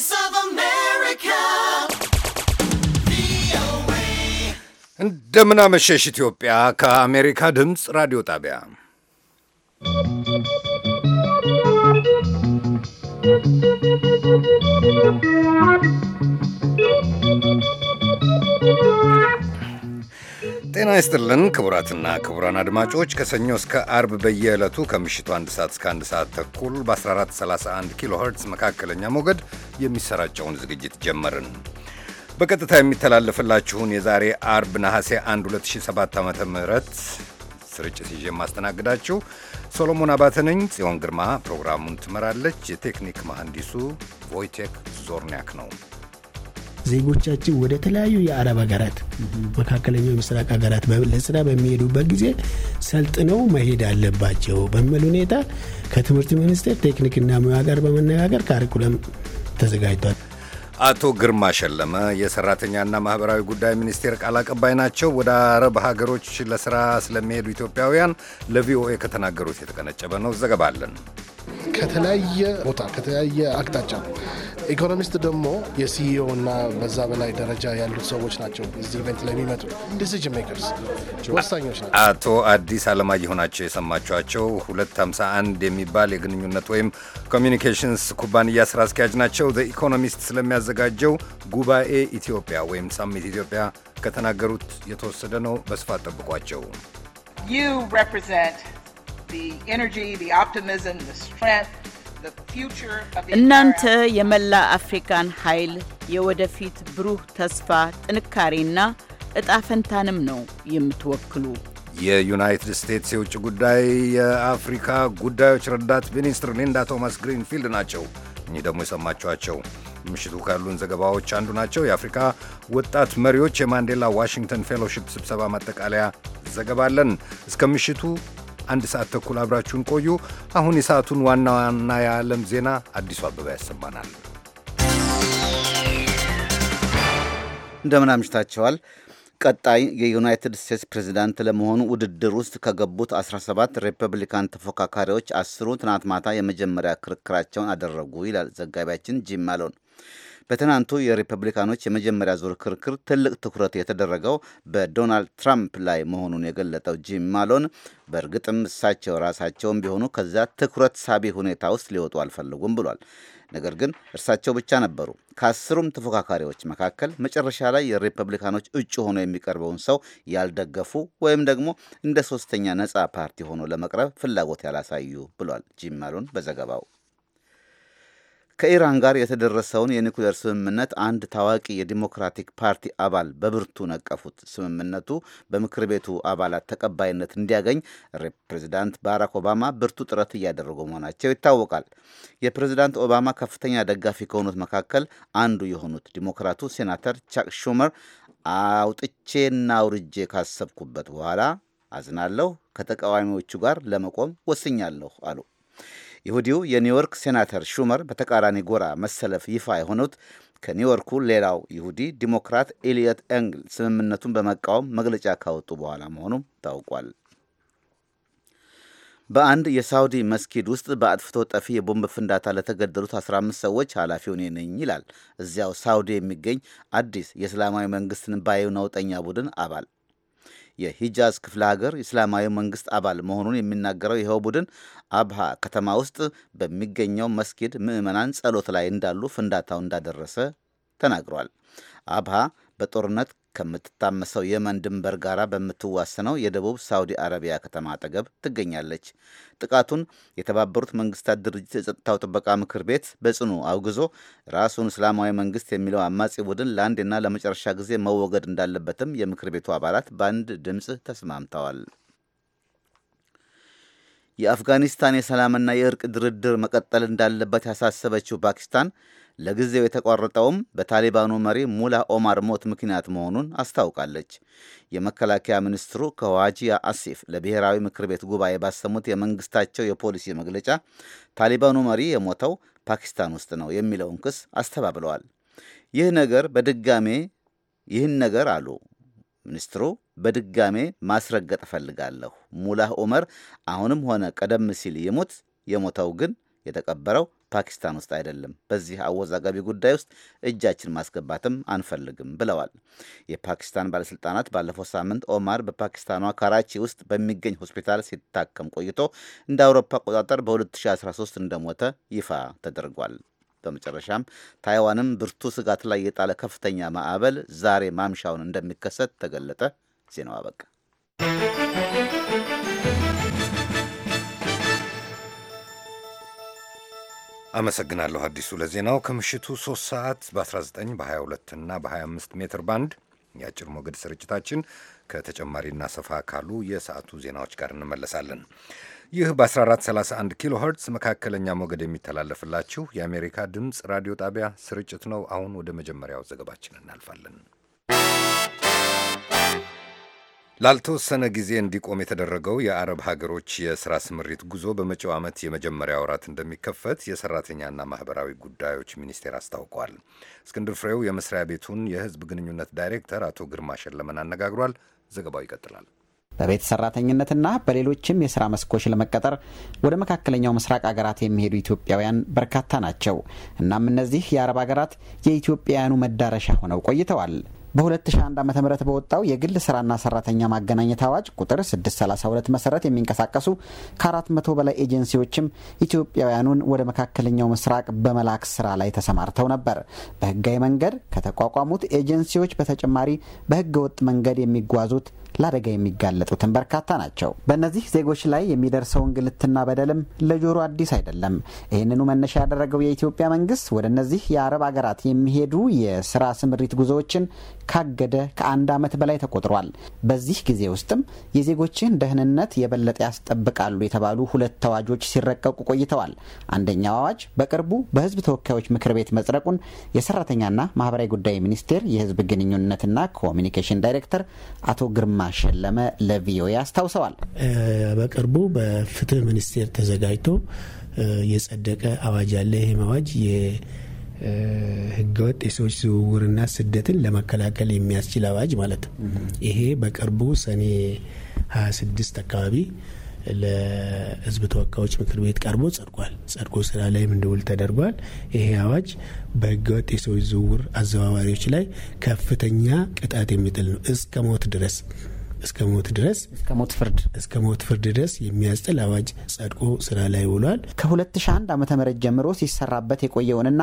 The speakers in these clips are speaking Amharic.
Voice of America. እንደምናመሸሽ ኢትዮጵያ ከአሜሪካ ድምፅ ራዲዮ ጣቢያ Thank you. ጤና ይስጥልን ክቡራትና ክቡራን አድማጮች ከሰኞ እስከ አርብ በየዕለቱ ከምሽቱ አንድ ሰዓት እስከ አንድ ሰዓት ተኩል በ1431 ኪሎ ኸርትዝ መካከለኛ ሞገድ የሚሰራጨውን ዝግጅት ጀመርን። በቀጥታ የሚተላለፍላችሁን የዛሬ አርብ ነሐሴ 1 2007 ዓ ም ስርጭት ይዤ የማስተናግዳችሁ ሶሎሞን አባተ ነኝ። ጽዮን ግርማ ፕሮግራሙን ትመራለች። የቴክኒክ መሐንዲሱ ቮይቴክ ዞርኒያክ ነው። ዜጎቻችን ወደ ተለያዩ የአረብ ሀገራት፣ መካከለኛው ምስራቅ ሀገራት ለስራ በሚሄዱበት ጊዜ ሰልጥነው መሄድ አለባቸው በሚል ሁኔታ ከትምህርት ሚኒስቴር ቴክኒክና ሙያ ጋር በመነጋገር ካሪኩለም ተዘጋጅቷል። አቶ ግርማ ሸለመ የሰራተኛና ማህበራዊ ጉዳይ ሚኒስቴር ቃል አቀባይ ናቸው። ወደ አረብ ሀገሮች ለስራ ስለሚሄዱ ኢትዮጵያውያን ለቪኦኤ ከተናገሩት የተቀነጨበ ነው። ዘገባለን ከተለያየ ቦታ ከተለያየ አቅጣጫ ኢኮኖሚስት ደግሞ የሲኢኦ እና በዛ በላይ ደረጃ ያሉት ሰዎች ናቸው። እዚህ ኢቨንት ላይ የሚመጡ ዲሲዥን ሜከርስ ወሳኞች ናቸው። አቶ አዲስ አለማየሁ ናቸው የሰማችኋቸው። 251 የሚባል የግንኙነት ወይም ኮሚኒኬሽንስ ኩባንያ ስራ አስኪያጅ ናቸው። ዘ ኢኮኖሚስት ስለሚያዘጋጀው ጉባኤ ኢትዮጵያ ወይም ሳሚት ኢትዮጵያ ከተናገሩት የተወሰደ ነው። በስፋት ጠብቋቸው። ዩ represent the energy, the እናንተ የመላ አፍሪካን ኃይል የወደፊት ብሩህ ተስፋ ጥንካሬና እጣ ፈንታንም ነው የምትወክሉ። የዩናይትድ ስቴትስ የውጭ ጉዳይ የአፍሪካ ጉዳዮች ረዳት ሚኒስትር ሊንዳ ቶማስ ግሪንፊልድ ናቸው። እኚህ ደግሞ የሰማችኋቸው ምሽቱ ካሉን ዘገባዎች አንዱ ናቸው። የአፍሪካ ወጣት መሪዎች የማንዴላ ዋሽንግተን ፌሎሺፕ ስብሰባ ማጠቃለያ ዘገባለን። እስከ ምሽቱ አንድ ሰዓት ተኩል አብራችሁን ቆዩ። አሁን የሰዓቱን ዋና ዋና የዓለም ዜና አዲሱ አበባ ያሰማናል። እንደምን አምሽታቸዋል። ቀጣይ የዩናይትድ ስቴትስ ፕሬዚዳንት ለመሆኑ ውድድር ውስጥ ከገቡት 17 ሪፐብሊካን ተፎካካሪዎች አስሩ ትናንት ማታ የመጀመሪያ ክርክራቸውን አደረጉ ይላል ዘጋቢያችን ጂም ማሎን። በትናንቱ የሪፐብሊካኖች የመጀመሪያ ዙር ክርክር ትልቅ ትኩረት የተደረገው በዶናልድ ትራምፕ ላይ መሆኑን የገለጠው ጂም ማሎን በእርግጥም እሳቸው ራሳቸውም ቢሆኑ ከዛ ትኩረት ሳቢ ሁኔታ ውስጥ ሊወጡ አልፈልጉም ብሏል። ነገር ግን እርሳቸው ብቻ ነበሩ ከአስሩም ተፎካካሪዎች መካከል መጨረሻ ላይ የሪፐብሊካኖች እጩ ሆኖ የሚቀርበውን ሰው ያልደገፉ ወይም ደግሞ እንደ ሶስተኛ ነጻ ፓርቲ ሆኖ ለመቅረብ ፍላጎት ያላሳዩ ብሏል ጂም ማሎን በዘገባው። ከኢራን ጋር የተደረሰውን የኒኩሌር ስምምነት አንድ ታዋቂ የዲሞክራቲክ ፓርቲ አባል በብርቱ ነቀፉት። ስምምነቱ በምክር ቤቱ አባላት ተቀባይነት እንዲያገኝ ፕሬዚዳንት ባራክ ኦባማ ብርቱ ጥረት እያደረጉ መሆናቸው ይታወቃል። የፕሬዚዳንት ኦባማ ከፍተኛ ደጋፊ ከሆኑት መካከል አንዱ የሆኑት ዲሞክራቱ ሴናተር ቻክ ሹመር አውጥቼና አውርጄ ካሰብኩበት በኋላ አዝናለሁ ከተቃዋሚዎቹ ጋር ለመቆም ወስኛለሁ አሉ። ይሁዲው የኒውዮርክ ሴናተር ሹመር በተቃራኒ ጎራ መሰለፍ ይፋ የሆኑት ከኒውዮርኩ ሌላው ይሁዲ ዲሞክራት ኤልየት ኤንግል ስምምነቱን በመቃወም መግለጫ ካወጡ በኋላ መሆኑም ታውቋል። በአንድ የሳውዲ መስጊድ ውስጥ በአጥፍቶ ጠፊ የቦምብ ፍንዳታ ለተገደሉት 15 ሰዎች ኃላፊው እኔ ነኝ ይላል እዚያው ሳውዲ የሚገኝ አዲስ የእስላማዊ መንግስትን ባዩ ነውጠኛ ቡድን አባል የሂጃዝ ክፍለ ሀገር እስላማዊ መንግስት አባል መሆኑን የሚናገረው ይኸው ቡድን አብሃ ከተማ ውስጥ በሚገኘው መስጊድ ምዕመናን ጸሎት ላይ እንዳሉ ፍንዳታው እንዳደረሰ ተናግሯል። አብሃ በጦርነት ከምትታመሰው የመን ድንበር ጋር በምትዋሰነው የደቡብ ሳውዲ አረቢያ ከተማ አጠገብ ትገኛለች። ጥቃቱን የተባበሩት መንግስታት ድርጅት የጸጥታው ጥበቃ ምክር ቤት በጽኑ አውግዞ ራሱን እስላማዊ መንግስት የሚለው አማጺ ቡድን ለአንድና ለመጨረሻ ጊዜ መወገድ እንዳለበትም የምክር ቤቱ አባላት በአንድ ድምፅ ተስማምተዋል። የአፍጋኒስታን የሰላምና የእርቅ ድርድር መቀጠል እንዳለበት ያሳሰበችው ፓኪስታን ለጊዜው የተቋረጠውም በታሊባኑ መሪ ሙላ ኦማር ሞት ምክንያት መሆኑን አስታውቃለች። የመከላከያ ሚኒስትሩ ከዋጂያ አሲፍ ለብሔራዊ ምክር ቤት ጉባኤ ባሰሙት የመንግስታቸው የፖሊሲ መግለጫ ታሊባኑ መሪ የሞተው ፓኪስታን ውስጥ ነው የሚለውን ክስ አስተባብለዋል። ይህ ነገር በድጋሜ ይህን ነገር አሉ ሚኒስትሩ በድጋሜ ማስረገጥ እፈልጋለሁ። ሙላህ ኦመር አሁንም ሆነ ቀደም ሲል ይሙት የሞተው ግን የተቀበረው ፓኪስታን ውስጥ አይደለም። በዚህ አወዛጋቢ ጉዳይ ውስጥ እጃችን ማስገባትም አንፈልግም ብለዋል። የፓኪስታን ባለስልጣናት ባለፈው ሳምንት ኦማር በፓኪስታኗ ካራቺ ውስጥ በሚገኝ ሆስፒታል ሲታከም ቆይቶ እንደ አውሮፓ አቆጣጠር በ2013 እንደሞተ ይፋ ተደርጓል። በመጨረሻም ታይዋንም ብርቱ ስጋት ላይ የጣለ ከፍተኛ ማዕበል ዛሬ ማምሻውን እንደሚከሰት ተገለጠ። ዜናው አበቃ። አመሰግናለሁ አዲሱ ለዜናው። ከምሽቱ 3 ሰዓት በ19 በ22 እና በ25 ሜትር ባንድ የአጭር ሞገድ ስርጭታችን ከተጨማሪና ሰፋ ካሉ የሰዓቱ ዜናዎች ጋር እንመለሳለን። ይህ በ1431 ኪሎ ኸርትዝ መካከለኛ ሞገድ የሚተላለፍላችሁ የአሜሪካ ድምፅ ራዲዮ ጣቢያ ስርጭት ነው። አሁን ወደ መጀመሪያው ዘገባችን እናልፋለን። ላልተወሰነ ጊዜ እንዲቆም የተደረገው የአረብ ሀገሮች የሥራ ስምሪት ጉዞ በመጪው ዓመት የመጀመሪያ ወራት እንደሚከፈት የሠራተኛና ማኅበራዊ ጉዳዮች ሚኒስቴር አስታውቋል። እስክንድር ፍሬው የመስሪያ ቤቱን የሕዝብ ግንኙነት ዳይሬክተር አቶ ግርማ ሸለመን አነጋግሯል። ዘገባው ይቀጥላል። በቤት ሰራተኝነትና በሌሎችም የስራ መስኮች ለመቀጠር ወደ መካከለኛው ምስራቅ አገራት የሚሄዱ ኢትዮጵያውያን በርካታ ናቸው። እናም እነዚህ የአረብ አገራት የኢትዮጵያውያኑ መዳረሻ ሆነው ቆይተዋል። በ2001 ዓ ም በወጣው የግል ስራና ሰራተኛ ማገናኘት አዋጅ ቁጥር 632 መሰረት የሚንቀሳቀሱ ከ400 በላይ ኤጀንሲዎችም ኢትዮጵያውያኑን ወደ መካከለኛው ምስራቅ በመላክ ስራ ላይ ተሰማርተው ነበር። በህጋዊ መንገድ ከተቋቋሙት ኤጀንሲዎች በተጨማሪ በህገ ወጥ መንገድ የሚጓዙት ለአደጋ የሚጋለጡትን በርካታ ናቸው። በእነዚህ ዜጎች ላይ የሚደርሰው እንግልትና በደልም ለጆሮ አዲስ አይደለም። ይህንኑ መነሻ ያደረገው የኢትዮጵያ መንግስት ወደ እነዚህ የአረብ አገራት የሚሄዱ የስራ ስምሪት ጉዞዎችን ካገደ ከአንድ ዓመት በላይ ተቆጥሯል። በዚህ ጊዜ ውስጥም የዜጎችን ደህንነት የበለጠ ያስጠብቃሉ የተባሉ ሁለት አዋጆች ሲረቀቁ ቆይተዋል። አንደኛው አዋጅ በቅርቡ በህዝብ ተወካዮች ምክር ቤት መጽደቁን የሰራተኛና ማህበራዊ ጉዳይ ሚኒስቴር የህዝብ ግንኙነትና ኮሚኒኬሽን ዳይሬክተር አቶ ግርማ ማሸለመ ለቪኦኤ አስታውሰዋል። በቅርቡ በፍትህ ሚኒስቴር ተዘጋጅቶ የጸደቀ አዋጅ አለ። ይህም አዋጅ የህገወጥ የሰዎች ዝውውርና ስደትን ለመከላከል የሚያስችል አዋጅ ማለት ነው። ይሄ በቅርቡ ሰኔ 26 አካባቢ ለህዝብ ተወካዮች ምክር ቤት ቀርቦ ጸድቋል። ጸድቆ ስራ ላይም እንዲውል ተደርጓል። ይሄ አዋጅ በህገወጥ የሰዎች ዝውውር አዘዋዋሪዎች ላይ ከፍተኛ ቅጣት የሚጥል ነው እስከ ሞት ድረስ እስከ ሞት ድረስ እስከ ሞት ፍርድ እስከ ሞት ፍርድ ድረስ የሚያስጥል አዋጅ ጸድቆ ስራ ላይ ውሏል። ከ2001 ዓ ም ጀምሮ ሲሰራበት የቆየውንና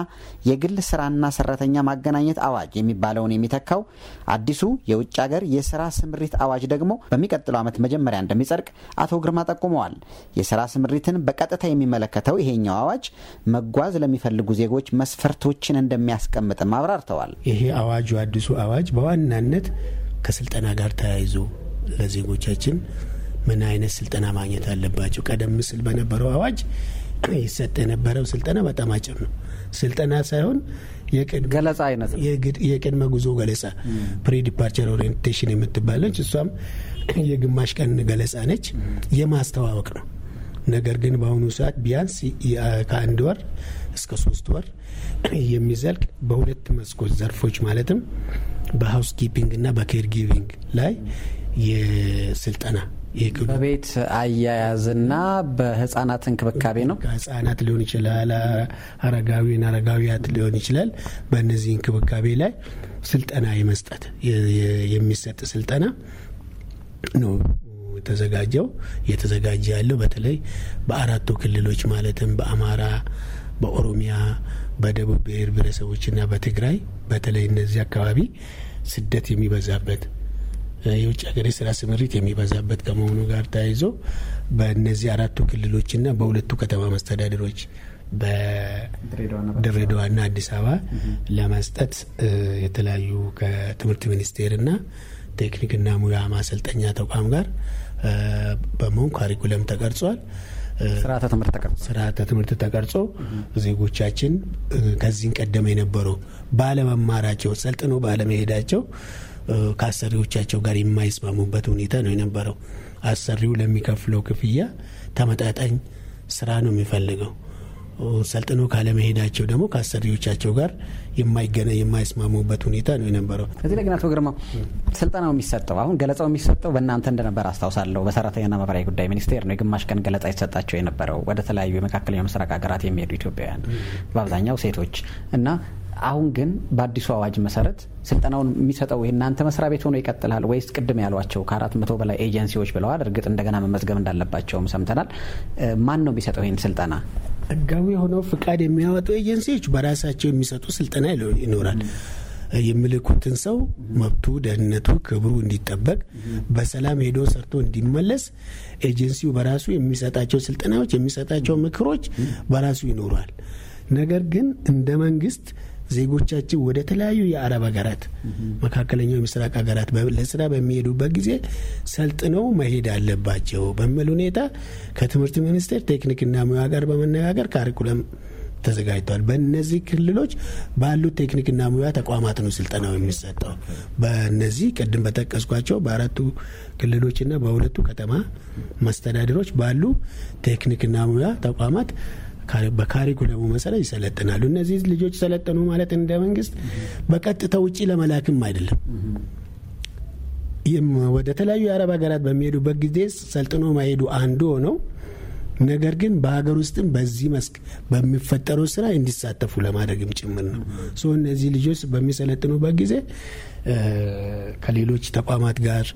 የግል ስራና ሰራተኛ ማገናኘት አዋጅ የሚባለውን የሚተካው አዲሱ የውጭ ሀገር የስራ ስምሪት አዋጅ ደግሞ በሚቀጥለው ዓመት መጀመሪያ እንደሚጸድቅ አቶ ግርማ ጠቁመዋል። የስራ ስምሪትን በቀጥታ የሚመለከተው ይሄኛው አዋጅ መጓዝ ለሚፈልጉ ዜጎች መስፈርቶችን እንደሚያስቀምጥም አብራርተዋል። ይሄ አዋጁ አዲሱ አዋጅ በዋናነት ከስልጠና ጋር ተያይዞ ለዜጎቻችን ምን አይነት ስልጠና ማግኘት አለባቸው። ቀደም ሲል በነበረው አዋጅ ይሰጥ የነበረው ስልጠና በጣም አጭር ነው። ስልጠና ሳይሆን ገለጻ አይነት ነው። የቅድመ ጉዞ ገለጻ ፕሪ ዲፓርቸር ኦሪየንቴሽን የምትባለች እሷም የግማሽ ቀን ገለጻ ነች። የማስተዋወቅ ነው። ነገር ግን በአሁኑ ሰዓት ቢያንስ ከአንድ ወር እስከ ሶስት ወር የሚዘልቅ በሁለት መስኮች ዘርፎች ማለትም በሀውስ ኪፒንግ እና በኬር ጊቪንግ ላይ የስልጠና በቤት አያያዝና በህጻናት እንክብካቤ ነው። ህጻናት ሊሆን ይችላል፣ አረጋዊን አረጋዊያት ሊሆን ይችላል። በእነዚህ እንክብካቤ ላይ ስልጠና የመስጠት የሚሰጥ ስልጠና ነው የተዘጋጀው እየተዘጋጀ ያለው በተለይ በአራቱ ክልሎች ማለትም በአማራ፣ በኦሮሚያ፣ በደቡብ ብሔር ብሔረሰቦችና በትግራይ በተለይ እነዚህ አካባቢ ስደት የሚበዛበት የውጭ ሀገር የስራ ስምሪት የሚበዛበት ከመሆኑ ጋር ተያይዞ በእነዚህ አራቱ ክልሎችና በሁለቱ ከተማ መስተዳድሮች በድሬዳዋና አዲስ አበባ ለመስጠት የተለያዩ ከትምህርት ሚኒስቴርና ቴክኒክና ሙያ ማሰልጠኛ ተቋም ጋር በመሆን ካሪኩለም ተቀርጿል። ስርዓተ ትምህርት ተቀርጾ ስርዓተ ትምህርት ተቀርጾ ዜጎቻችን ከዚህ ቀደም የነበረው ባለመማራቸው ሰልጥኖ ባለመሄዳቸው ከአሰሪዎቻቸው ጋር የማይስማሙበት ሁኔታ ነው የነበረው። አሰሪው ለሚከፍለው ክፍያ ተመጣጣኝ ስራ ነው የሚፈልገው። ሰልጥኖ ካለመሄዳቸው ደግሞ ከአሰሪዎቻቸው ጋር የማይገነ የማይስማሙበት ሁኔታ ነው የነበረው። ከዚህ ላይ ግን አቶ ግርማ ስልጠናው የሚሰጠው አሁን ገለጻው የሚሰጠው በእናንተ እንደነበር አስታውሳለሁ። በሰራተኛና ማህበራዊ ጉዳይ ሚኒስቴር ነው የግማሽ ቀን ገለጻ የተሰጣቸው የነበረው ወደ ተለያዩ የመካከለኛው ምስራቅ ሀገራት የሚሄዱ ኢትዮጵያውያን በአብዛኛው ሴቶች እና አሁን ግን በአዲሱ አዋጅ መሰረት ስልጠናውን የሚሰጠው የእናንተ መስሪያ ቤት ሆኖ ይቀጥላል ወይስ ቅድም ያሏቸው ከአራት መቶ በላይ ኤጀንሲዎች ብለዋል። እርግጥ እንደገና መመዝገብ እንዳለባቸውም ሰምተናል። ማን ነው የሚሰጠው ይህን ስልጠና? ህጋዊ የሆነው ፍቃድ የሚያወጡ ኤጀንሲዎች በራሳቸው የሚሰጡ ስልጠና ይኖራል። የሚልኩትን ሰው መብቱ፣ ደህንነቱ፣ ክብሩ እንዲጠበቅ በሰላም ሄዶ ሰርቶ እንዲመለስ ኤጀንሲው በራሱ የሚሰጣቸው ስልጠናዎች የሚሰጣቸው ምክሮች በራሱ ይኖሯል። ነገር ግን እንደ መንግስት ዜጎቻችን ወደ ተለያዩ የአረብ ሀገራት፣ መካከለኛው የምስራቅ ሀገራት ለስራ በሚሄዱበት ጊዜ ሰልጥነው መሄድ አለባቸው በሚል ሁኔታ ከትምህርት ሚኒስቴር ቴክኒክና ሙያ ጋር በመነጋገር ካሪኩለም ተዘጋጅተዋል። በእነዚህ ክልሎች ባሉት ቴክኒክና ሙያ ተቋማት ነው ስልጠናው የሚሰጠው። በእነዚህ ቅድም በጠቀስኳቸው በአራቱ ክልሎችና በሁለቱ ከተማ መስተዳድሮች ባሉ ቴክኒክና ሙያ ተቋማት በካሪኩለሙ መሰረት ይሰለጥናሉ። እነዚህ ልጆች ሰለጠኑ ማለት እንደ መንግስት በቀጥታ ውጪ ለመላክም አይደለም። ወደ ተለያዩ የአረብ ሀገራት በሚሄዱበት ጊዜ ሰልጥኖ ማሄዱ አንዱ ሆነው ነገር ግን በሀገር ውስጥም በዚህ መስክ በሚፈጠረው ስራ እንዲሳተፉ ለማድረግም ጭምር ነው። ሶ እነዚህ ልጆች በሚሰለጥኑበት ጊዜ ከሌሎች ተቋማት ጋር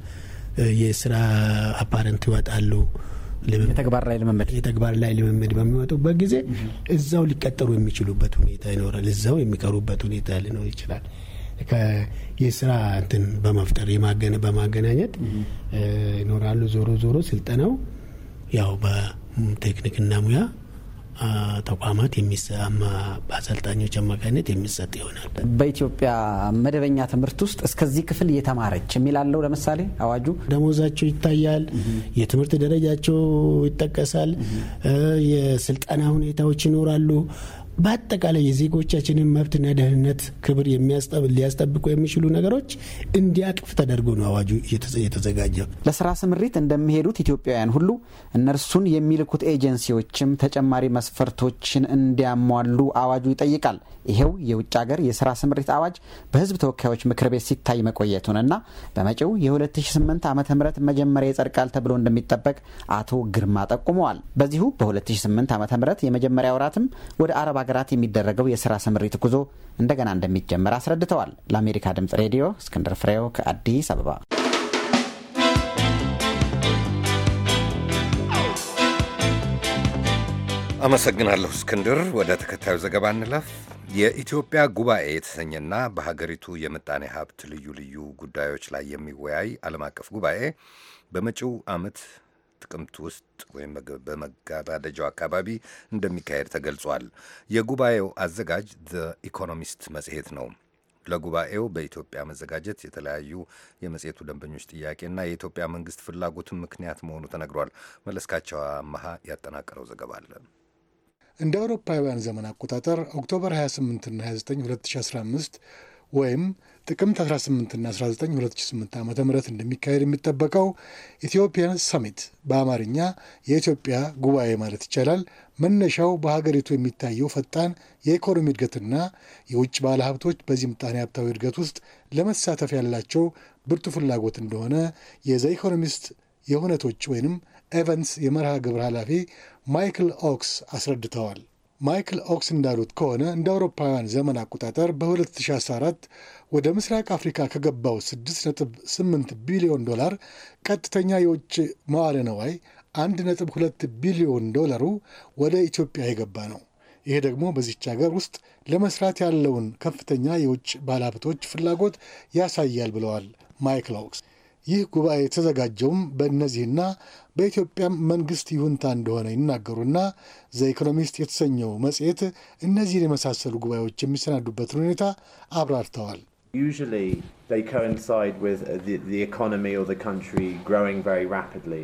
የስራ አፓረንት ይወጣሉ። የተግባር ላይ ልምምድ የተግባር ላይ ልምምድ በሚወጡበት ጊዜ እዛው ሊቀጠሩ የሚችሉበት ሁኔታ ይኖራል። እዛው የሚቀሩበት ሁኔታ ሊኖር ይችላል። የስራ እንትን በመፍጠር በማገናኘት ይኖራሉ። ዞሮ ዞሮ ስልጠናው ያው በቴክኒክና ሙያ ተቋማት በአሰልጣኞች አማካኝነት የሚሰጥ ይሆናል። በኢትዮጵያ መደበኛ ትምህርት ውስጥ እስከዚህ ክፍል እየተማረች የሚላለው ለምሳሌ አዋጁ ደሞዛቸው ይታያል፣ የትምህርት ደረጃቸው ይጠቀሳል፣ የስልጠና ሁኔታዎች ይኖራሉ። በአጠቃላይ የዜጎቻችንን መብትና ደህንነት ክብር ሊያስጠብቁ የሚችሉ ነገሮች እንዲያቅፍ ተደርጎ ነው አዋጁ የተዘጋጀው። ለስራ ስምሪት እንደሚሄዱት ኢትዮጵያውያን ሁሉ እነርሱን የሚልኩት ኤጀንሲዎችም ተጨማሪ መስፈርቶችን እንዲያሟሉ አዋጁ ይጠይቃል። ይሄው የውጭ ሀገር የስራ ስምሪት አዋጅ በህዝብ ተወካዮች ምክር ቤት ሲታይ መቆየቱንና በመጪው የ2008 ዓ ም መጀመሪያ ይጸድቃል ተብሎ እንደሚጠበቅ አቶ ግርማ ጠቁመዋል። በዚሁ በ2008 ዓ ም የመጀመሪያ ወራትም ወደ አረብ ሀገራት የሚደረገው የስራ ስምሪት ጉዞ እንደገና እንደሚጀመር አስረድተዋል። ለአሜሪካ ድምጽ ሬዲዮ እስክንድር ፍሬው ከአዲስ አበባ። አመሰግናለሁ እስክንድር። ወደ ተከታዩ ዘገባ እንለፍ። የኢትዮጵያ ጉባኤ የተሰኘና በሀገሪቱ የምጣኔ ሀብት ልዩ ልዩ ጉዳዮች ላይ የሚወያይ ዓለም አቀፍ ጉባኤ በመጪው ዓመት ጥቅምት ውስጥ ወይም በመጋባደጃው አካባቢ እንደሚካሄድ ተገልጿል። የጉባኤው አዘጋጅ ዘ ኢኮኖሚስት መጽሔት ነው። ለጉባኤው በኢትዮጵያ መዘጋጀት የተለያዩ የመጽሔቱ ደንበኞች ጥያቄና የኢትዮጵያ መንግስት ፍላጎትን ምክንያት መሆኑ ተነግሯል። መለስካቸው አመሃ ያጠናቀረው ዘገባ አለ። እንደ አውሮፓውያን ዘመን አቆጣጠር ኦክቶበር 28ና 29 2015 ወይም ጥቅምት 18ና 19 2008 ዓ ም እንደሚካሄድ የሚጠበቀው ኢትዮጵያን ሰሚት በአማርኛ የኢትዮጵያ ጉባኤ ማለት ይቻላል። መነሻው በሀገሪቱ የሚታየው ፈጣን የኢኮኖሚ እድገትና የውጭ ባለ ሀብቶች በዚህ ምጣኔ ሀብታዊ እድገት ውስጥ ለመሳተፍ ያላቸው ብርቱ ፍላጎት እንደሆነ የዘ ኢኮኖሚስት የሁነቶች ወይንም ኤቨንስ የመርሃ ግብር ኃላፊ ማይክል ኦክስ አስረድተዋል። ማይክል ኦክስ እንዳሉት ከሆነ እንደ አውሮፓውያን ዘመን አቆጣጠር በ2014 ወደ ምስራቅ አፍሪካ ከገባው 6.8 ቢሊዮን ዶላር ቀጥተኛ የውጭ መዋለ ነዋይ 1.2 ቢሊዮን ዶላሩ ወደ ኢትዮጵያ የገባ ነው። ይሄ ደግሞ በዚች ሀገር ውስጥ ለመስራት ያለውን ከፍተኛ የውጭ ባለሀብቶች ፍላጎት ያሳያል ብለዋል ማይክል ኦክስ። ይህ ጉባኤ የተዘጋጀውም በእነዚህና በኢትዮጵያም መንግስት ይሁንታ እንደሆነ ይናገሩና ዘ ኢኮኖሚስት የተሰኘው መጽሔት እነዚህን የመሳሰሉ ጉባኤዎች የሚሰናዱበትን ሁኔታ አብራርተዋል።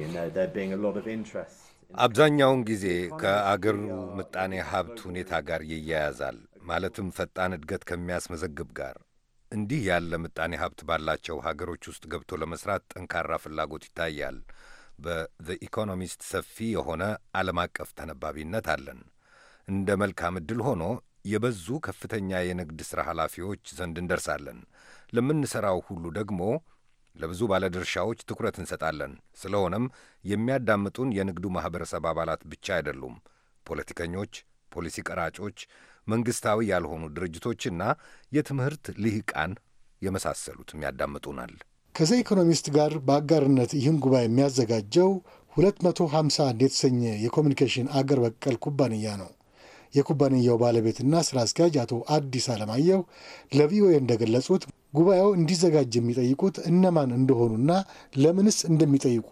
uh, አብዛኛውን ጊዜ ከአገሩ ምጣኔ ሀብት ሁኔታ ጋር ይያያዛል። ማለትም ፈጣን እድገት ከሚያስመዘግብ ጋር እንዲህ ያለ ምጣኔ ሀብት ባላቸው ሀገሮች ውስጥ ገብቶ ለመስራት ጠንካራ ፍላጎት ይታያል። በዘ ኢኮኖሚስት ሰፊ የሆነ ዓለም አቀፍ ተነባቢነት አለን። እንደ መልካም ዕድል ሆኖ የበዙ ከፍተኛ የንግድ ሥራ ኃላፊዎች ዘንድ እንደርሳለን። ለምንሠራው ሁሉ ደግሞ ለብዙ ባለድርሻዎች ትኩረት እንሰጣለን። ስለሆነም የሚያዳምጡን የንግዱ ማኅበረሰብ አባላት ብቻ አይደሉም። ፖለቲከኞች፣ ፖሊሲ ቀራጮች፣ መንግስታዊ ያልሆኑ ድርጅቶችና የትምህርት ልሂቃን የመሳሰሉትም ያዳምጡናል። ከዘ ኢኮኖሚስት ጋር በአጋርነት ይህን ጉባኤ የሚያዘጋጀው 251 የተሰኘ የኮሚኒኬሽን አገር በቀል ኩባንያ ነው። የኩባንያው ባለቤትና ስራ አስኪያጅ አቶ አዲስ አለማየሁ ለቪኦኤ እንደገለጹት ጉባኤው እንዲዘጋጅ የሚጠይቁት እነማን እንደሆኑና ለምንስ እንደሚጠይቁ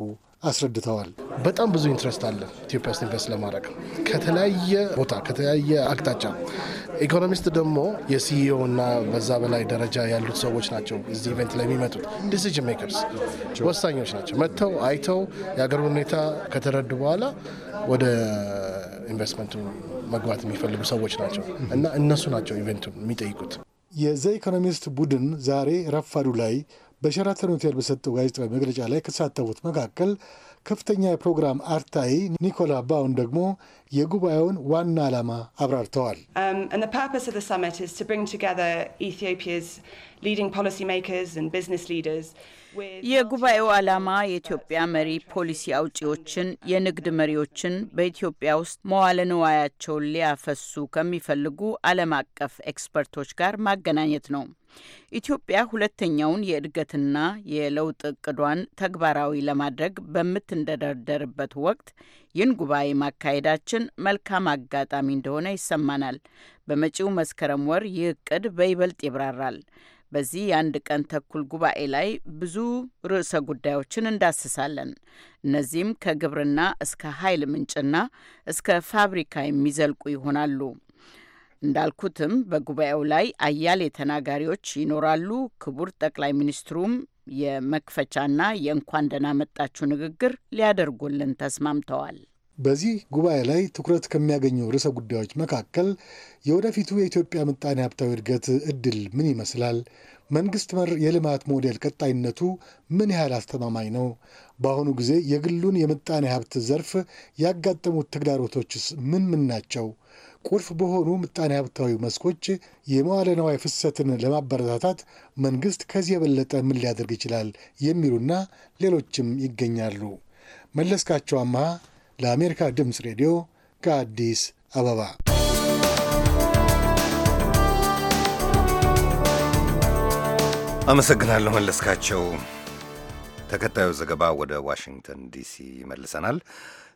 አስረድተዋል። በጣም ብዙ ኢንትረስት አለ ኢትዮጵያ ውስጥ ኢንቨስት ለማድረግ ከተለያየ ቦታ ከተለያየ አቅጣጫ። ኢኮኖሚስት ደግሞ የሲኢኦ እና በዛ በላይ ደረጃ ያሉት ሰዎች ናቸው እዚህ ኢቨንት ላይ የሚመጡት ዲሲዥን ሜከርስ ወሳኞች ናቸው። መጥተው አይተው የሀገሩን ሁኔታ ከተረዱ በኋላ ወደ ኢንቨስትመንቱ መግባት የሚፈልጉ ሰዎች ናቸው እና እነሱ ናቸው ኢቨንቱን የሚጠይቁት። የዘ ኢኮኖሚስት ቡድን ዛሬ ረፋዱ ላይ በሸራተን ሆቴል በሰጠው ጋዜጣዊ መግለጫ ላይ ከተሳተፉት መካከል ከፍተኛ የፕሮግራም አርታኢ ኒኮላ ባውን ደግሞ የጉባኤውን ዋና ዓላማ አብራርተዋል። um, የጉባኤው ዓላማ የኢትዮጵያ መሪ ፖሊሲ አውጪዎችን፣ የንግድ መሪዎችን በኢትዮጵያ ውስጥ መዋለ ንዋያቸውን ሊያፈሱ ከሚፈልጉ ዓለም አቀፍ ኤክስፐርቶች ጋር ማገናኘት ነው። ኢትዮጵያ ሁለተኛውን የእድገትና የለውጥ እቅዷን ተግባራዊ ለማድረግ በምትንደረደርበት ወቅት ይህን ጉባኤ ማካሄዳችን መልካም አጋጣሚ እንደሆነ ይሰማናል። በመጪው መስከረም ወር ይህ እቅድ በይበልጥ ይብራራል። በዚህ የአንድ ቀን ተኩል ጉባኤ ላይ ብዙ ርዕሰ ጉዳዮችን እንዳስሳለን። እነዚህም ከግብርና እስከ ኃይል ምንጭና እስከ ፋብሪካ የሚዘልቁ ይሆናሉ። እንዳልኩትም በጉባኤው ላይ አያሌ ተናጋሪዎች ይኖራሉ። ክቡር ጠቅላይ ሚኒስትሩም የመክፈቻና የእንኳን ደህና መጣችሁ ንግግር ሊያደርጉልን ተስማምተዋል። በዚህ ጉባኤ ላይ ትኩረት ከሚያገኙ ርዕሰ ጉዳዮች መካከል የወደፊቱ የኢትዮጵያ ምጣኔ ሀብታዊ እድገት እድል ምን ይመስላል? መንግስት መር የልማት ሞዴል ቀጣይነቱ ምን ያህል አስተማማኝ ነው? በአሁኑ ጊዜ የግሉን የምጣኔ ሀብት ዘርፍ ያጋጠሙት ተግዳሮቶችስ ምን ምን ናቸው? ቁልፍ በሆኑ ምጣኔ ሀብታዊ መስኮች የመዋለ ፍሰትን ለማበረታታት መንግስት ከዚህ የበለጠ ምን ሊያደርግ ይችላል የሚሉና ሌሎችም ይገኛሉ። መለስካቸው አማሃ ለአሜሪካ ድምፅ ሬዲዮ ከአዲስ አበባ አመሰግናለሁ መለስካቸው። ተከታዩ ዘገባ ወደ ዋሽንግተን ዲሲ ይመልሰናል።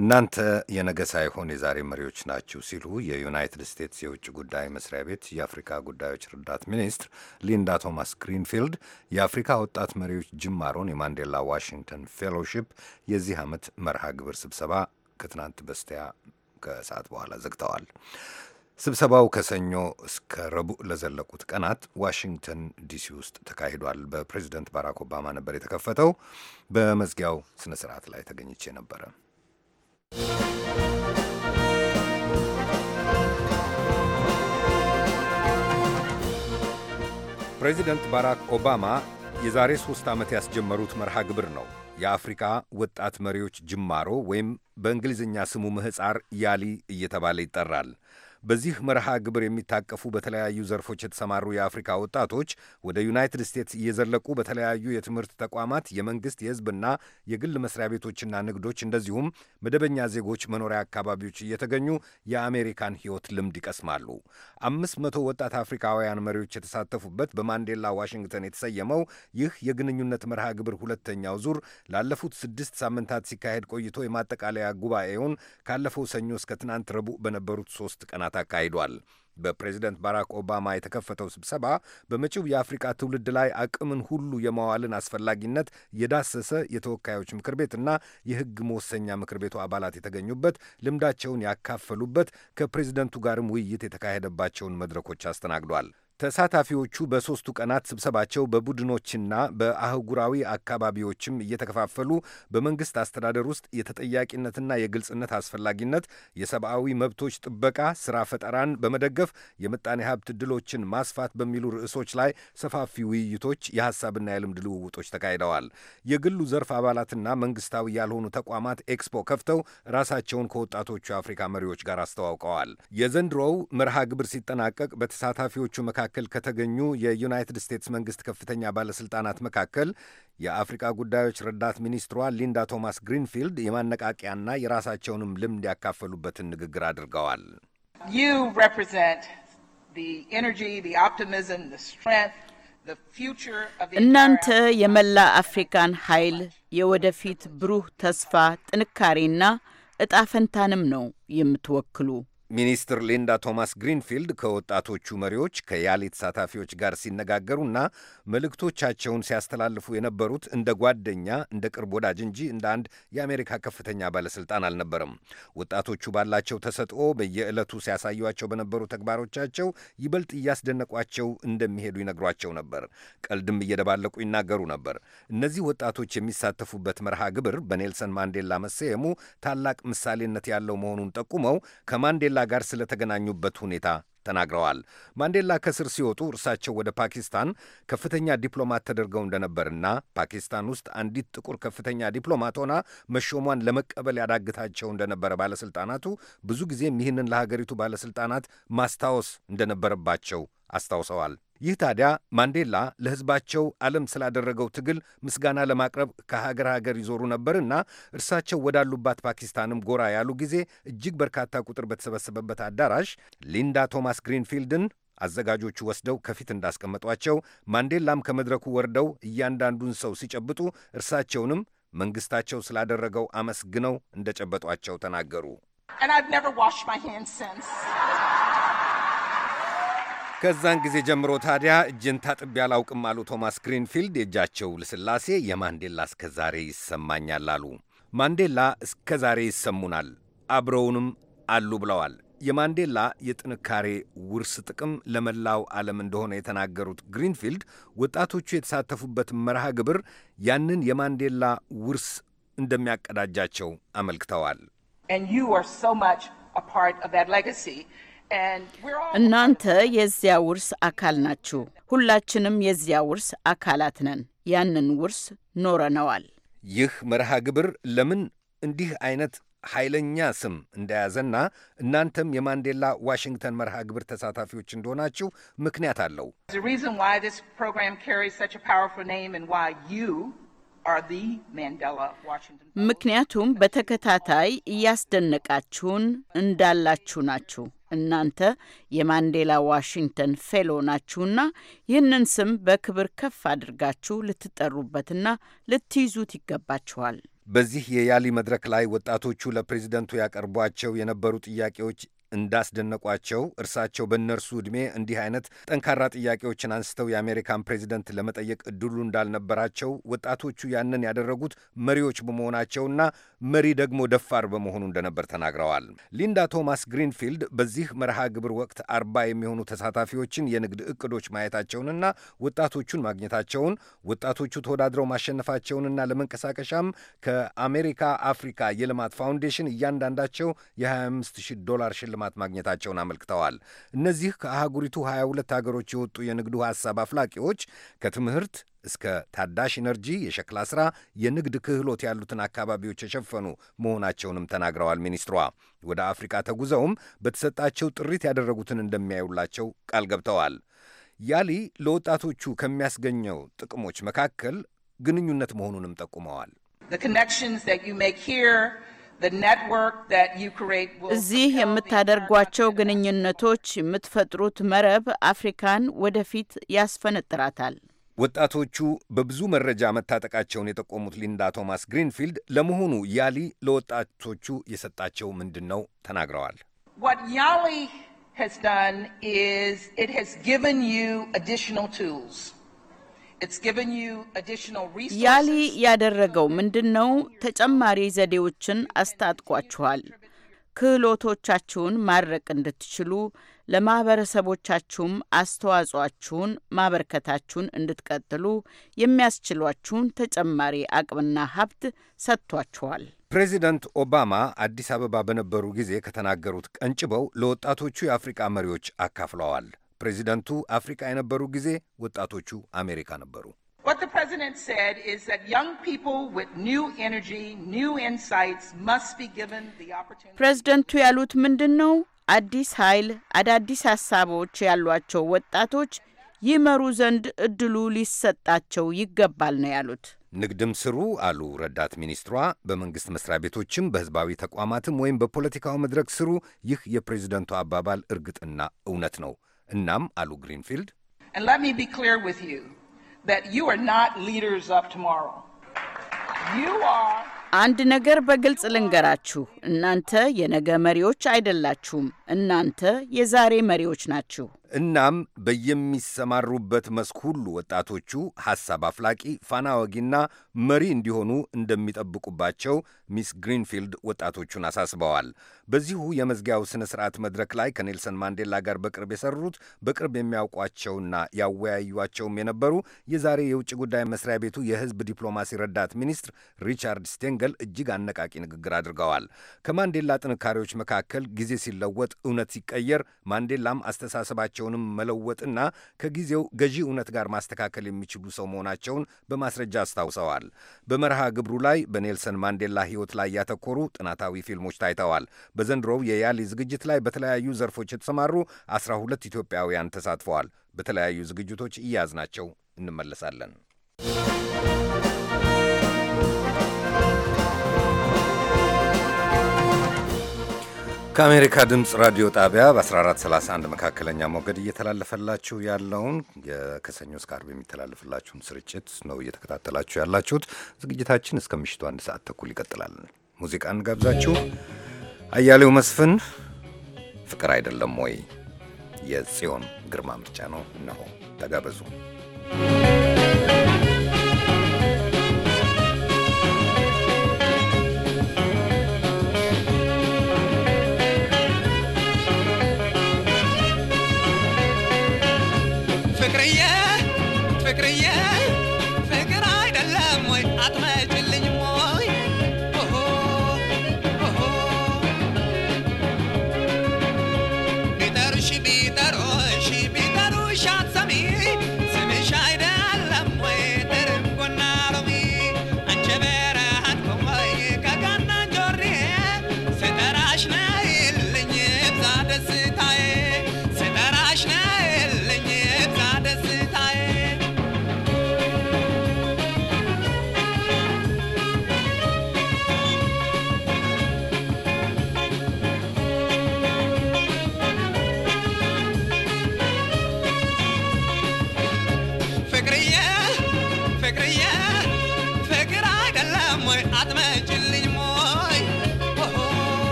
እናንተ የነገ ሳይሆን የዛሬ መሪዎች ናችሁ ሲሉ የዩናይትድ ስቴትስ የውጭ ጉዳይ መስሪያ ቤት የአፍሪካ ጉዳዮች ረዳት ሚኒስትር ሊንዳ ቶማስ ግሪንፊልድ የአፍሪካ ወጣት መሪዎች ጅማሮን የማንዴላ ዋሽንግተን ፌሎሺፕ የዚህ ዓመት መርሃ ግብር ስብሰባ ከትናንት በስቲያ ከሰዓት በኋላ ዘግተዋል። ስብሰባው ከሰኞ እስከ ረቡዕ ለዘለቁት ቀናት ዋሽንግተን ዲሲ ውስጥ ተካሂዷል። በፕሬዚደንት ባራክ ኦባማ ነበር የተከፈተው። በመዝጊያው ስነ ስርዓት ላይ ተገኝቼ ነበረ። ፕሬዚደንት ባራክ ኦባማ የዛሬ ሦስት ዓመት ያስጀመሩት መርሃ ግብር ነው የአፍሪካ ወጣት መሪዎች ጅማሮ ወይም በእንግሊዝኛ ስሙ ምህፃር ያሊ እየተባለ ይጠራል። በዚህ መርሃ ግብር የሚታቀፉ በተለያዩ ዘርፎች የተሰማሩ የአፍሪካ ወጣቶች ወደ ዩናይትድ ስቴትስ እየዘለቁ በተለያዩ የትምህርት ተቋማት፣ የመንግስት የህዝብና የግል መስሪያ ቤቶችና ንግዶች እንደዚሁም መደበኛ ዜጎች መኖሪያ አካባቢዎች እየተገኙ የአሜሪካን ህይወት ልምድ ይቀስማሉ። አምስት መቶ ወጣት አፍሪካውያን መሪዎች የተሳተፉበት በማንዴላ ዋሽንግተን የተሰየመው ይህ የግንኙነት መርሃ ግብር ሁለተኛው ዙር ላለፉት ስድስት ሳምንታት ሲካሄድ ቆይቶ የማጠቃለያ ጉባኤውን ካለፈው ሰኞ እስከ ትናንት ረቡዕ በነበሩት ሶስት ቀናት ስነስርዓት አካሂዷል። በፕሬዚደንት ባራክ ኦባማ የተከፈተው ስብሰባ በመጪው የአፍሪቃ ትውልድ ላይ አቅምን ሁሉ የማዋልን አስፈላጊነት የዳሰሰ የተወካዮች ምክር ቤትና የሕግ መወሰኛ ምክር ቤቱ አባላት የተገኙበት፣ ልምዳቸውን ያካፈሉበት፣ ከፕሬዚደንቱ ጋርም ውይይት የተካሄደባቸውን መድረኮች አስተናግዷል። ተሳታፊዎቹ በሦስቱ ቀናት ስብሰባቸው በቡድኖችና በአህጉራዊ አካባቢዎችም እየተከፋፈሉ በመንግሥት አስተዳደር ውስጥ የተጠያቂነትና የግልጽነት አስፈላጊነት፣ የሰብአዊ መብቶች ጥበቃ፣ ሥራ ፈጠራን በመደገፍ የምጣኔ ሀብት ዕድሎችን ማስፋት በሚሉ ርዕሶች ላይ ሰፋፊ ውይይቶች፣ የሐሳብና የልምድ ልውውጦች ተካሂደዋል። የግሉ ዘርፍ አባላትና መንግሥታዊ ያልሆኑ ተቋማት ኤክስፖ ከፍተው ራሳቸውን ከወጣቶቹ የአፍሪካ መሪዎች ጋር አስተዋውቀዋል። የዘንድሮው መርሃ ግብር ሲጠናቀቅ በተሳታፊዎቹ መካከል መካከል ከተገኙ የዩናይትድ ስቴትስ መንግስት ከፍተኛ ባለሥልጣናት መካከል የአፍሪቃ ጉዳዮች ረዳት ሚኒስትሯ ሊንዳ ቶማስ ግሪንፊልድ የማነቃቂያና የራሳቸውንም ልምድ ያካፈሉበትን ንግግር አድርገዋል። እናንተ የመላ አፍሪካን ኃይል፣ የወደፊት ብሩህ ተስፋ፣ ጥንካሬና እጣ ፈንታንም ነው የምትወክሉ። ሚኒስትር ሊንዳ ቶማስ ግሪንፊልድ ከወጣቶቹ መሪዎች ከያሌ ተሳታፊዎች ጋር ሲነጋገሩና መልእክቶቻቸውን ሲያስተላልፉ የነበሩት እንደ ጓደኛ፣ እንደ ቅርብ ወዳጅ እንጂ እንደ አንድ የአሜሪካ ከፍተኛ ባለሥልጣን አልነበረም። ወጣቶቹ ባላቸው ተሰጥኦ በየዕለቱ ሲያሳዩቸው በነበሩ ተግባሮቻቸው ይበልጥ እያስደነቋቸው እንደሚሄዱ ይነግሯቸው ነበር። ቀልድም እየደባለቁ ይናገሩ ነበር። እነዚህ ወጣቶች የሚሳተፉበት መርሃ ግብር በኔልሰን ማንዴላ መሰየሙ ታላቅ ምሳሌነት ያለው መሆኑን ጠቁመው ከማንዴላ ማንዴላ ጋር ስለተገናኙበት ሁኔታ ተናግረዋል። ማንዴላ ከእስር ሲወጡ እርሳቸው ወደ ፓኪስታን ከፍተኛ ዲፕሎማት ተደርገው እንደነበርና ፓኪስታን ውስጥ አንዲት ጥቁር ከፍተኛ ዲፕሎማት ሆና መሾሟን ለመቀበል ያዳግታቸው እንደነበረ ባለሥልጣናቱ ብዙ ጊዜም ይህንን ለሀገሪቱ ባለሥልጣናት ማስታወስ እንደነበረባቸው አስታውሰዋል። ይህ ታዲያ ማንዴላ ለሕዝባቸው ዓለም ስላደረገው ትግል ምስጋና ለማቅረብ ከሀገር ሀገር ይዞሩ ነበርና እርሳቸው ወዳሉባት ፓኪስታንም ጎራ ያሉ ጊዜ እጅግ በርካታ ቁጥር በተሰበሰበበት አዳራሽ ሊንዳ ቶማስ ግሪንፊልድን አዘጋጆቹ ወስደው ከፊት እንዳስቀመጧቸው ማንዴላም ከመድረኩ ወርደው እያንዳንዱን ሰው ሲጨብጡ እርሳቸውንም መንግሥታቸው ስላደረገው አመስግነው እንደጨበጧቸው ተናገሩ። And I've never washed my hands since. ከዛን ጊዜ ጀምሮ ታዲያ እጅን ታጥቤ አላውቅም አሉ ቶማስ ግሪንፊልድ። የእጃቸው ልስላሴ የማንዴላ እስከ ዛሬ ይሰማኛል አሉ። ማንዴላ እስከ ዛሬ ይሰሙናል፣ አብረውንም አሉ ብለዋል። የማንዴላ የጥንካሬ ውርስ ጥቅም ለመላው ዓለም እንደሆነ የተናገሩት ግሪንፊልድ ወጣቶቹ የተሳተፉበት መርሃ ግብር ያንን የማንዴላ ውርስ እንደሚያቀዳጃቸው አመልክተዋል። እናንተ የዚያ ውርስ አካል ናችሁ። ሁላችንም የዚያ ውርስ አካላት ነን። ያንን ውርስ ኖረነዋል። ይህ መርሃ ግብር ለምን እንዲህ አይነት ኃይለኛ ስም እንደያዘና እናንተም የማንዴላ ዋሽንግተን መርሃ ግብር ተሳታፊዎች እንደሆናችሁ ምክንያት አለው። ምክንያቱም በተከታታይ እያስደነቃችሁን እንዳላችሁ ናችሁ። እናንተ የማንዴላ ዋሽንግተን ፌሎ ናችሁና ይህንን ስም በክብር ከፍ አድርጋችሁ ልትጠሩበትና ልትይዙት ይገባችኋል። በዚህ የያሊ መድረክ ላይ ወጣቶቹ ለፕሬዚደንቱ ያቀርቧቸው የነበሩ ጥያቄዎች እንዳስደነቋቸው እርሳቸው በእነርሱ ዕድሜ እንዲህ አይነት ጠንካራ ጥያቄዎችን አንስተው የአሜሪካን ፕሬዚደንት ለመጠየቅ እድሉ እንዳልነበራቸው ወጣቶቹ ያንን ያደረጉት መሪዎች በመሆናቸውና መሪ ደግሞ ደፋር በመሆኑ እንደነበር ተናግረዋል። ሊንዳ ቶማስ ግሪንፊልድ በዚህ መርሃ ግብር ወቅት አርባ የሚሆኑ ተሳታፊዎችን የንግድ እቅዶች ማየታቸውንና ወጣቶቹን ማግኘታቸውን ወጣቶቹ ተወዳድረው ማሸነፋቸውንና ለመንቀሳቀሻም ከአሜሪካ አፍሪካ የልማት ፋውንዴሽን እያንዳንዳቸው የ25 ዶላር ሽልማት ሽልማት ማግኘታቸውን አመልክተዋል። እነዚህ ከአህጉሪቱ 22 ሀገሮች የወጡ የንግዱ ሐሳብ አፍላቂዎች ከትምህርት እስከ ታዳሽ ኤነርጂ፣ የሸክላ ሥራ፣ የንግድ ክህሎት ያሉትን አካባቢዎች የሸፈኑ መሆናቸውንም ተናግረዋል። ሚኒስትሯ ወደ አፍሪቃ ተጉዘውም በተሰጣቸው ጥሪት ያደረጉትን እንደሚያዩላቸው ቃል ገብተዋል። ያሊ ለወጣቶቹ ከሚያስገኘው ጥቅሞች መካከል ግንኙነት መሆኑንም ጠቁመዋል። እዚህ የምታደርጓቸው ግንኙነቶች፣ የምትፈጥሩት መረብ አፍሪካን ወደፊት ያስፈነጥራታል። ወጣቶቹ በብዙ መረጃ መታጠቃቸውን የጠቆሙት ሊንዳ ቶማስ ግሪንፊልድ ለመሆኑ ያሊ ለወጣቶቹ የሰጣቸው ምንድን ነው ተናግረዋል። ያሊ ያሊ ያደረገው ምንድን ነው? ተጨማሪ ዘዴዎችን አስታጥቋችኋል። ክህሎቶቻችሁን ማድረቅ እንድትችሉ ለማህበረሰቦቻችሁም አስተዋጽኦአችሁን ማበርከታችሁን እንድትቀጥሉ የሚያስችሏችሁን ተጨማሪ አቅምና ሀብት ሰጥቷችኋል። ፕሬዚደንት ኦባማ አዲስ አበባ በነበሩ ጊዜ ከተናገሩት ቀንጭበው ለወጣቶቹ የአፍሪቃ መሪዎች አካፍለዋል። ፕሬዚደንቱ አፍሪካ የነበሩ ጊዜ ወጣቶቹ አሜሪካ ነበሩ። ፕሬዚደንቱ ያሉት ምንድን ነው? አዲስ ኃይል፣ አዳዲስ ሀሳቦች ያሏቸው ወጣቶች ይመሩ ዘንድ እድሉ ሊሰጣቸው ይገባል ነው ያሉት። ንግድም ስሩ አሉ ረዳት ሚኒስትሯ። በመንግስት መስሪያ ቤቶችም በህዝባዊ ተቋማትም ወይም በፖለቲካው መድረክ ስሩ። ይህ የፕሬዚደንቱ አባባል እርግጥና እውነት ነው። እናም አሉ ግሪንፊልድ አንድ ነገር በግልጽ ልንገራችሁ፣ እናንተ የነገ መሪዎች አይደላችሁም። እናንተ የዛሬ መሪዎች ናችሁ። እናም በየሚሰማሩበት መስክ ሁሉ ወጣቶቹ ሐሳብ አፍላቂ፣ ፋና ወጊና መሪ እንዲሆኑ እንደሚጠብቁባቸው ሚስ ግሪንፊልድ ወጣቶቹን አሳስበዋል። በዚሁ የመዝጊያው ሥነ ሥርዓት መድረክ ላይ ከኔልሰን ማንዴላ ጋር በቅርብ የሰሩት በቅርብ የሚያውቋቸውና ያወያዩቸውም የነበሩ የዛሬ የውጭ ጉዳይ መስሪያ ቤቱ የሕዝብ ዲፕሎማሲ ረዳት ሚኒስትር ሪቻርድ ስቴንገል እጅግ አነቃቂ ንግግር አድርገዋል። ከማንዴላ ጥንካሬዎች መካከል ጊዜ ሲለወጥ እውነት ሲቀየር ማንዴላም አስተሳሰባቸው አቋማቸውንም መለወጥና ከጊዜው ገዢ እውነት ጋር ማስተካከል የሚችሉ ሰው መሆናቸውን በማስረጃ አስታውሰዋል። በመርሃ ግብሩ ላይ በኔልሰን ማንዴላ ሕይወት ላይ ያተኮሩ ጥናታዊ ፊልሞች ታይተዋል። በዘንድሮው የያሌ ዝግጅት ላይ በተለያዩ ዘርፎች የተሰማሩ አስራ ሁለት ኢትዮጵያውያን ተሳትፈዋል። በተለያዩ ዝግጅቶች ናቸው እንመለሳለን። ከአሜሪካ ድምፅ ራዲዮ ጣቢያ በ1431 መካከለኛ ሞገድ እየተላለፈላችሁ ያለውን ከሰኞ እስከ አርብ የሚተላለፍላችሁን ስርጭት ነው እየተከታተላችሁ ያላችሁት። ዝግጅታችን እስከ ምሽቱ አንድ ሰዓት ተኩል ይቀጥላል። ሙዚቃን ጋብዛችሁ አያሌው መስፍን ፍቅር አይደለም ወይ የጽዮን ግርማ ምርጫ ነው። እነሆ ተጋበዙ።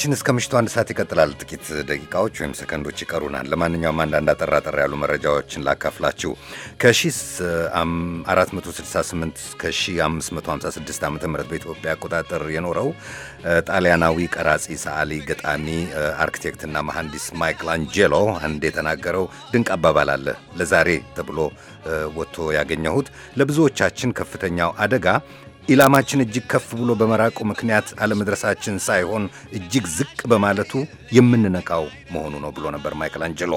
ፕሮግራማችን እስከ ምሽቱ አንድ ሰዓት ይቀጥላል። ጥቂት ደቂቃዎች ወይም ሰከንዶች ይቀሩናል። ለማንኛውም አንዳንድ አጠራጠር ያሉ መረጃዎችን ላካፍላችሁ። ከ468 እስከ 556 ዓ ም በኢትዮጵያ አቆጣጠር የኖረው ጣሊያናዊ ቀራጺ፣ ሰዓሊ፣ ገጣሚ፣ አርክቴክትና መሐንዲስ ማይክል አንጄሎ አንድ የተናገረው ድንቅ አባባል አለ ለዛሬ ተብሎ ወጥቶ ያገኘሁት ለብዙዎቻችን ከፍተኛው አደጋ ኢላማችን እጅግ ከፍ ብሎ በመራቁ ምክንያት አለመድረሳችን ሳይሆን እጅግ ዝቅ በማለቱ የምንነቃው መሆኑ ነው ብሎ ነበር ማይክል አንጀሎ።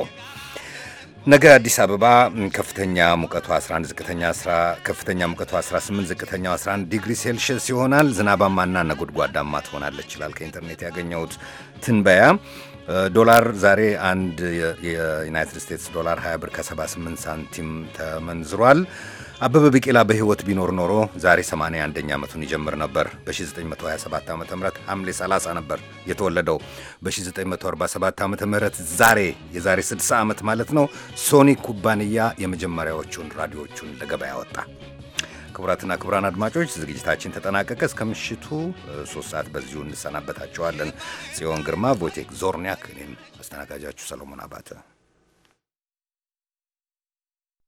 ነገ አዲስ አበባ ከፍተኛ ሙቀቱ 11 ዝቅተኛ 10 ከፍተኛ ሙቀቱ 18 ዝቅተኛው 11 ዲግሪ ሴልሺየስ ይሆናል። ዝናባማና ነጎድጓዳማ ትሆናለች ይችላል ከኢንተርኔት ያገኘሁት ትንበያ። ዶላር ዛሬ አንድ የዩናይትድ ስቴትስ ዶላር 20 ብር ከ78 ሳንቲም ተመንዝሯል። አበበ ቢቂላ በሕይወት ቢኖር ኖሮ ዛሬ 81ኛ ዓመቱን ይጀምር ነበር። በ1927 ዓ ም ሐምሌ 30 ነበር የተወለደው። በ1947 ዓ ም ዛሬ የዛሬ 60 ዓመት ማለት ነው ሶኒ ኩባንያ የመጀመሪያዎቹን ራዲዮቹን ለገበያ ወጣ። ክቡራትና ክቡራን አድማጮች ዝግጅታችን ተጠናቀቀ። እስከ ምሽቱ ሶስት ሰዓት በዚሁ እንሰናበታቸዋለን። ጽዮን ግርማ፣ ቮይቴክ ዞርኒያክ፣ እኔም አስተናጋጃችሁ ሰሎሞን አባተ